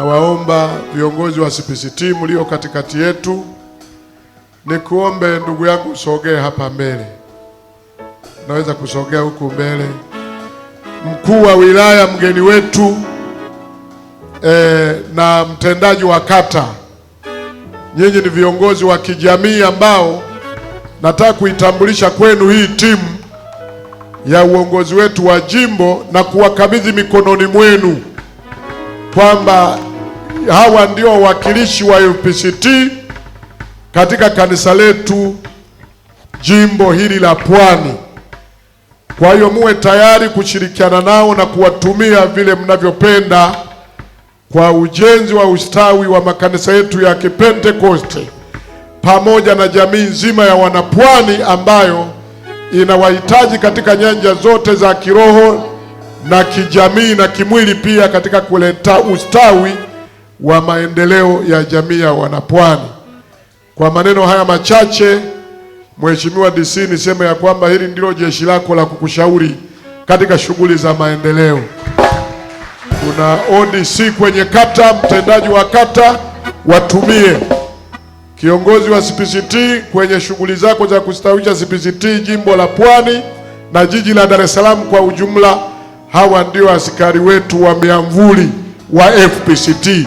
Nawaomba viongozi wa CPCT mlio katikati yetu, nikuombe ndugu yangu usogee hapa mbele, unaweza kusogea huku mbele. Mkuu wa wilaya mgeni wetu e, na mtendaji wa kata, nyinyi ni viongozi wa kijamii ambao nataka kuitambulisha kwenu hii timu ya uongozi wetu wa jimbo na kuwakabidhi mikononi mwenu kwamba hawa ndio wawakilishi wa UPCT katika kanisa letu jimbo hili la Pwani. Kwa hiyo muwe tayari kushirikiana nao na kuwatumia vile mnavyopenda kwa ujenzi wa ustawi wa makanisa yetu ya Kipentekoste pamoja na jamii nzima ya wanapwani ambayo inawahitaji katika nyanja zote za kiroho na kijamii na kimwili pia katika kuleta ustawi wa maendeleo ya jamii ya Wanapwani. Kwa maneno haya machache, Mheshimiwa DC, niseme ya kwamba hili ndilo jeshi lako la kukushauri katika shughuli za maendeleo. Kuna ODC kwenye kata, mtendaji wa kata watumie kiongozi wa CPCT kwenye shughuli zako za kustawisha CPCT jimbo la Pwani na jiji la Dar es Salaam kwa ujumla. Hawa ndio askari wetu wa miamvuli wa FPCT.